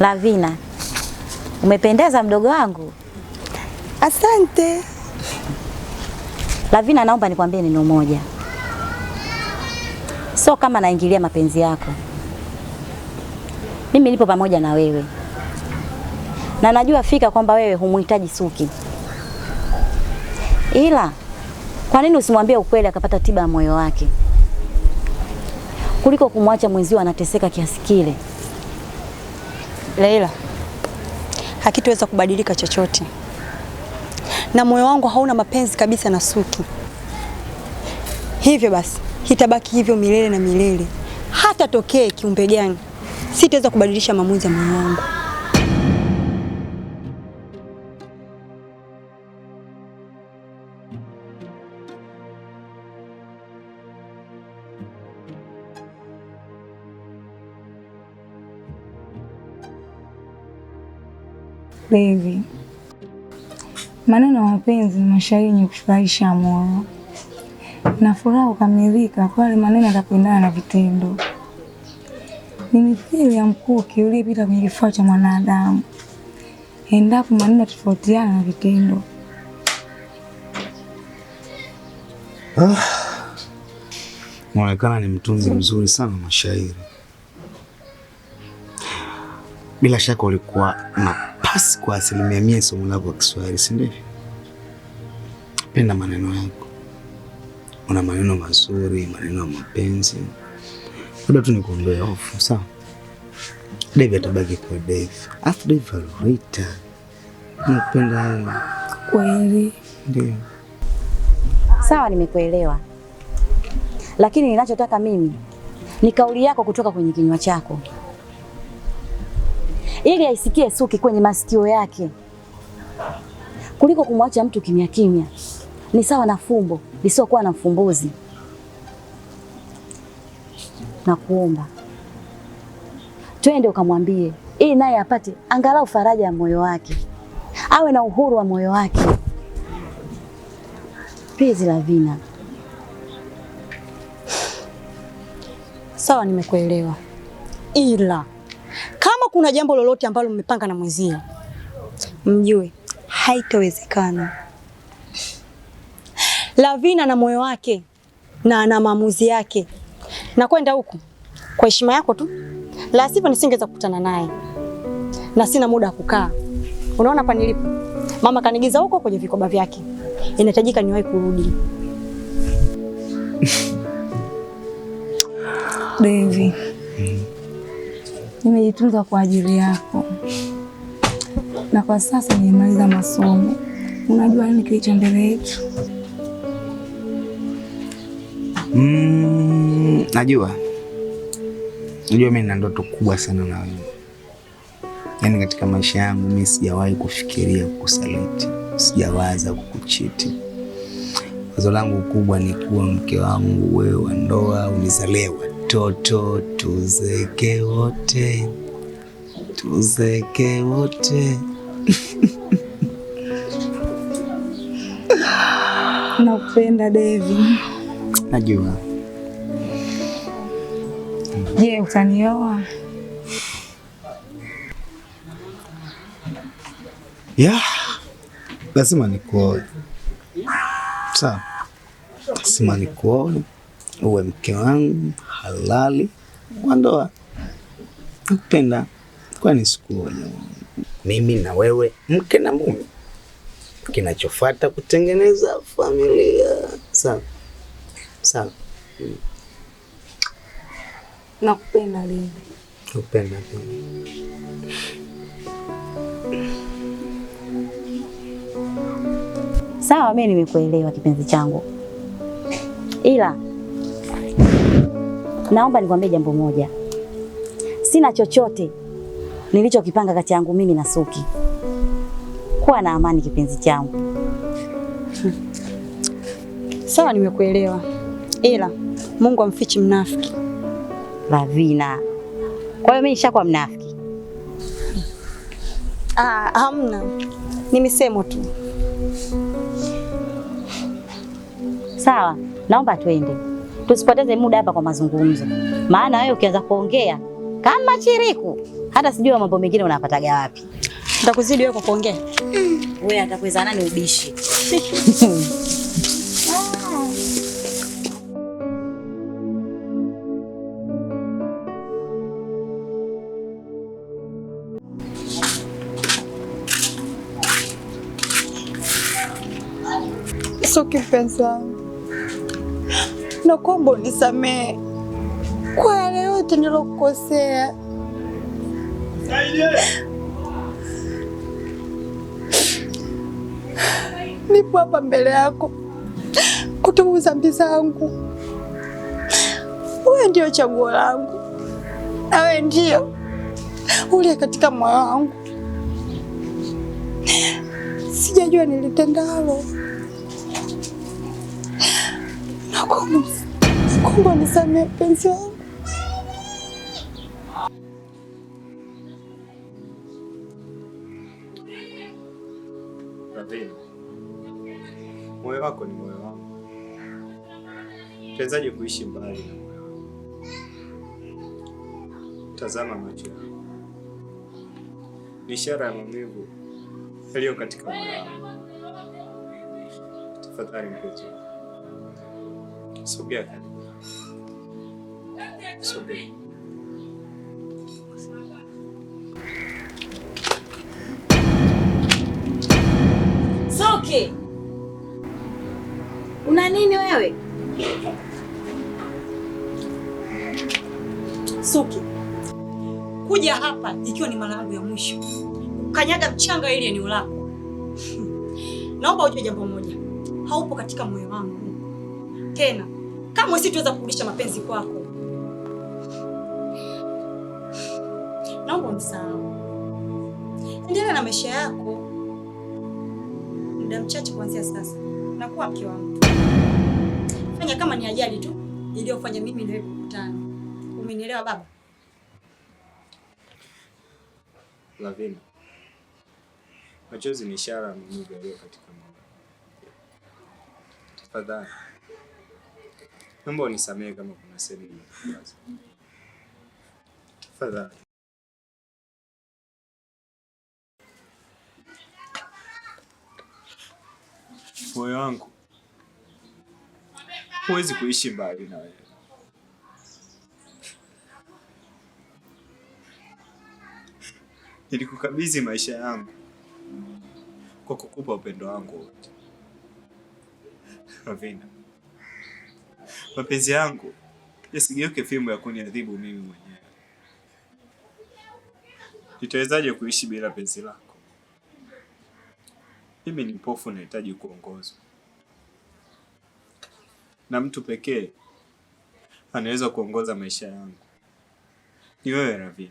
Lavina, umependeza mdogo wangu. Asante Lavina, naomba nikwambie neno moja, sio kama naingilia mapenzi yako. Mimi nipo pamoja na wewe na najua fika kwamba wewe humhitaji Suki, ila kwa nini usimwambie ukweli akapata tiba ya moyo wake kuliko kumwacha mwenzio anateseka kiasi kile? Leila, hakitoweza kubadilika chochote, na moyo wangu hauna mapenzi kabisa na Suki. Hivyo basi itabaki hivyo milele na milele, hata tokee kiumbe gani, sitaweza kubadilisha maamuzi ya moyo wangu. Baby, maneno ya mapenzi ni mashairi yenye kufurahisha moyo, na furaha ukamilika pale maneno yatapendana na vitendo. Ni mithili ya mkuki uliyepita kwenye kifua cha mwanadamu, endapo maneno yatofautiana na vitendo. Ah, ni mtunzi mzuri sana mashairi. Bila shaka ulikuwa na hasa kwa asilimia mia somo lako Kiswahili, si ndio? Penda maneno yako, una maneno mazuri, maneno ya mapenzi. Labda tu nikuombea hofu, sawa? Dave atabaki kwa Dave, afu Dave alorita napenda hayo kweli. Ndio, sawa, nimekuelewa, lakini ninachotaka mimi ni kauli yako kutoka kwenye kinywa chako ili aisikie Suki kwenye masikio yake, kuliko kumwacha mtu kimya kimya. Ni sawa na fumbo lisiokuwa na mfumbuzi. Nakuomba twende ukamwambie, ili naye apate angalau faraja ya moyo wake, awe na uhuru wa moyo wake. Please Lavina. Sawa, nimekuelewa ila kama kuna jambo lolote ambalo mmepanga na mwenzio, mjue haitawezekana. Lavina na moyo wake na ana maamuzi yake, na kwenda huku kwa heshima yako tu, la sivyo nisingeweza kukutana naye na sina muda wa kukaa. Unaona hapa nilipo, mama kanigiza huko kwenye vikoba vyake, inahitajika niwahi kurudi. Devi nimejitunza kwa ajili yako, na kwa sasa nimemaliza masomo. Unajua nini kilicho mbele yetu? Mm, najua najua, mimi nina ndoto kubwa sana na wewe. Yaani katika maisha yangu mimi sijawahi kufikiria kukusaliti, sijawaza kukuchiti. Wazo langu kubwa ni kuwa mke wangu wewe wa ndoa, ulizalewa watoto tuzeke wote, tuzeke wote. Nakupenda Devi. Najua. Je, utanioa? ya lazima nikuoe. Sawa, lazima nikuoe uwe mke wangu halali wa ndoa. Nakupenda, kwani sikuoa? Mimi na wewe mke na mume, kinachofuata kutengeneza familia. Sawa sawa. Nakupenda lini? Nakupenda Sawa, mimi nimekuelewa kipenzi changu, ila Naomba nikwambie jambo moja, sina chochote nilichokipanga kati yangu mimi na Suki. Kuwa na amani kipenzi changu. Sawa, nimekuelewa, ila Mungu amfichi mnafiki. Lavina, kwa hiyo mimi nishakuwa mnafiki? Ah, hamna, ni misemo tu. Sawa, naomba tuende tusipoteze muda hapa kwa mazungumzo, maana wewe ukianza kuongea kama chiriku, hata sijui mambo mengine unapataga wapi. Nitakuzidi wewe kwa kuongea. Wewe atakuweza nani ubishi? Sio nakuomba unisamehe kwa yale yote nilokukosea. Nipo hapa mbele yako kutubu dhambi zangu. Wewe ndio chaguo langu, nawe ndio uliye katika moyo wangu. Sijajua nilitendalo. Nakuomba Mungu nisamee penzi yangu. Moyo wako ni moyo wangu. Tawezaje kuishi mbali na moyo wangu? Tazama macho yangu, ni ishara ya maumivu yaliyo katika moyo wangu. Tafadhali mpenzi, sogea karibu. Subiri. Una nini wewe? Soki. Kuja hapa ikiwa ni mara yangu ya mwisho kukanyaga mchanga ili eneo lako. Hmm. Naomba ujue jambo moja, haupo katika moyo wangu tena, kama situweza kurudisha mapenzi kwako. naomba unisahau, endelea na maisha yako. Muda mchache kuanzia sasa nakuwa mke wa mtu. Fanya kama ni ajali tu iliyofanya mimi na wewe kukutana. Umenielewa baba? Lavina, machozi ni ishara ya maumivu yaliyo katika moyo. Tafadhali naomba unisamehe kama kuna sehemu. Tafadhali. moyo wangu, huwezi kuishi mbali na wewe. Nilikukabidhi maisha yangu kwa kukupa upendo wangu wote. Ravina, mapenzi yangu yasigeuke fimbo ya kuniadhibu mimi mwenyewe. Nitawezaje kuishi bila penzi lako? mimi ni mpofu, nahitaji kuongozwa. Na mtu pekee anaweza kuongoza maisha yangu ni wewe Ravina.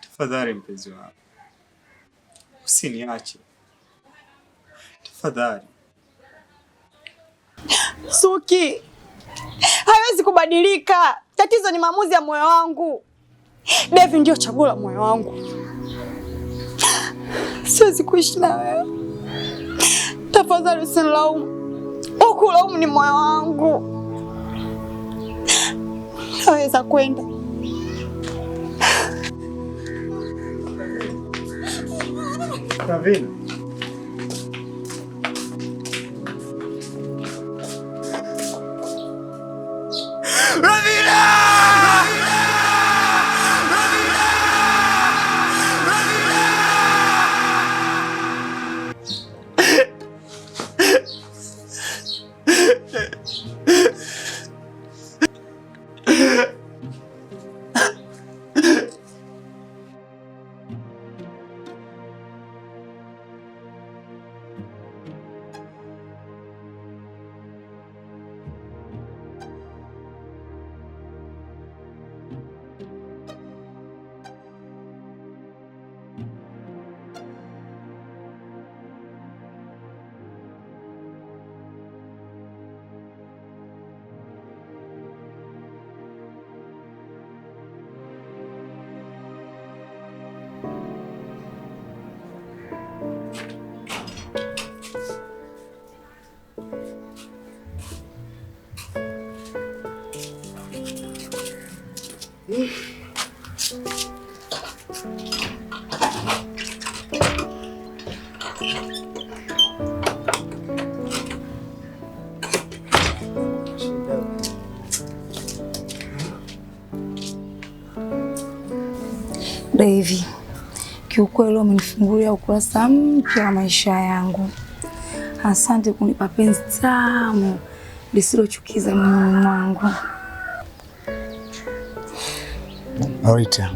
Tafadhali mpenzi wangu, usiniache tafadhali. Suki hawezi kubadilika, tatizo ni maamuzi ya moyo wangu. Devi ndio chaguo la moyo wangu siwezi kuishi na wewe. Tafadhali usilaumu, ukulaumu ni moyo wangu. Naweza kwenda Ravina. Ndo hivi kiukweli, umenifungulia ukurasa mpya wa maisha yangu. Asante kunipa penzi tamu lisilochukiza mimi mwangu. Norita,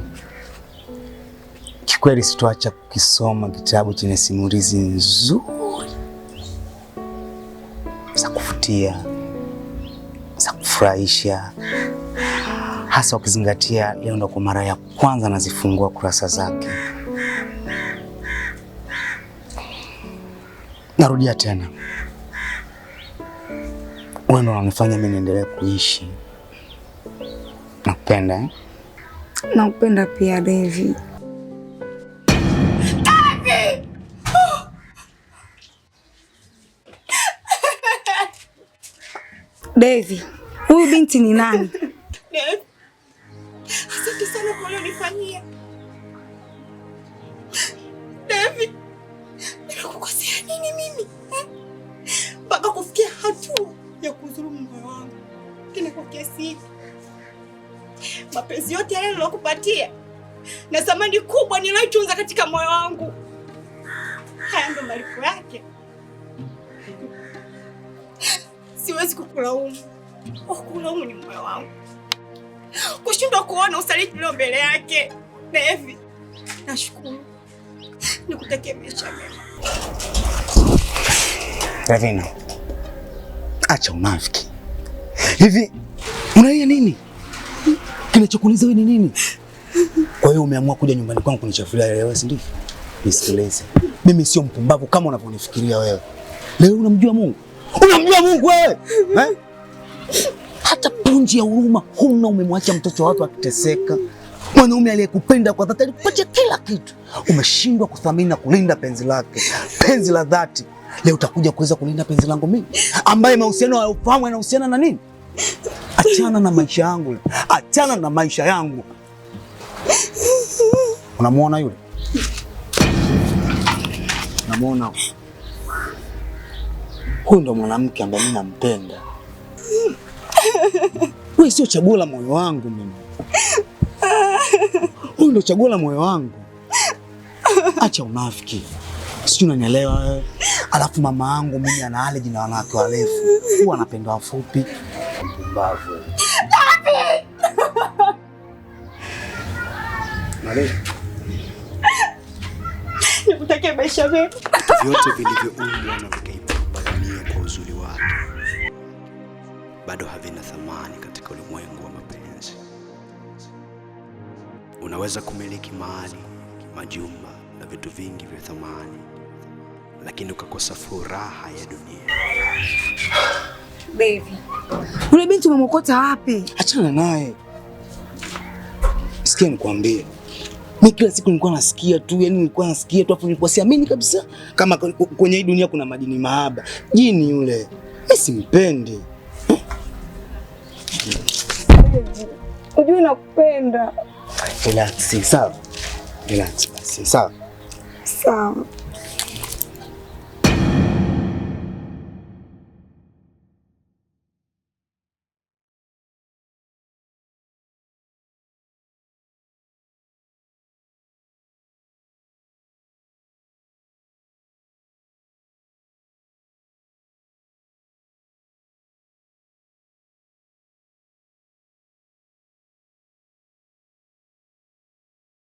kikweli sitoacha kukisoma kitabu chenye simulizi nzuri za kuvutia za kufurahisha, hasa ukizingatia leo ndo kwa mara ya kwanza nazifungua kurasa zake. Narudia tena, wewe ndo unanifanya mimi niendelee kuishi. Nakupenda eh? Nakupenda pia Devi. Devi, huyu binti ni nani? Asante sana kwa ulionifanyia. mapenzi yote yale nilokupatia na samani kubwa niliyoitunza katika moyo wangu. Haya ndo malipo yake. Siwezi kukulaumu, kulaumu ni moyo wangu kushindwa kuona usaliti ulio mbele yake. Devi, nashukuru, nikutakia maisha mema. Davina, acha unafiki hivi, unalia nini? Kinachokuuliza wewe ni nini? Kwa hiyo umeamua kuja nyumbani kwangu kunichafulia wewe, si ndio? Nisikilize. Mimi sio mpumbavu kama unavyonifikiria wewe. Leo unamjua Mungu? Unamjua Mungu wewe? Eh? Hata punji ya huruma huna, umemwacha mtoto wako akiteseka. Mwanaume aliyekupenda kwa dhati alikupatia kila kitu, umeshindwa kuthamini na kulinda penzi lake, penzi la dhati. Leo utakuja kuweza kulinda penzi langu mimi, ambaye mahusiano hayafahamu yanahusiana na nini? Achana na maisha yangu, achana na maisha yangu. Unamwona yule? namwona huyu? Ndo mwanamke ambaye mimi nampenda. Wewe sio chaguo la moyo wangu mimi. Huyu ndo chaguo la moyo wangu. Acha unafiki, sijui unanielewa wewe. Alafu mama yangu mimi ana allergy na wanawake warefu, huwa anapenda wafupi mpumbavu. Papi! Mali. Nikutakia maisha mema. Vyote vilivyoundwa na dunia kwa uzuri wake bado havina thamani katika ulimwengu wa mapenzi. Unaweza kumiliki mali, majumba na vitu vingi vya thamani, lakini ukakosa furaha ya dunia. Baby ule binti umemwokota wapi? Achana naye. Sikia nikwambie. Mi kila siku nilikuwa nasikia tu, yani nilikuwa nasikia tu afu nilikuwa siamini kabisa kama kwenye hii dunia kuna majini mahaba. Jini yule. Mimi simpendi. Unajua nakupenda. Relax, sawa. Relax sawa. Sawa.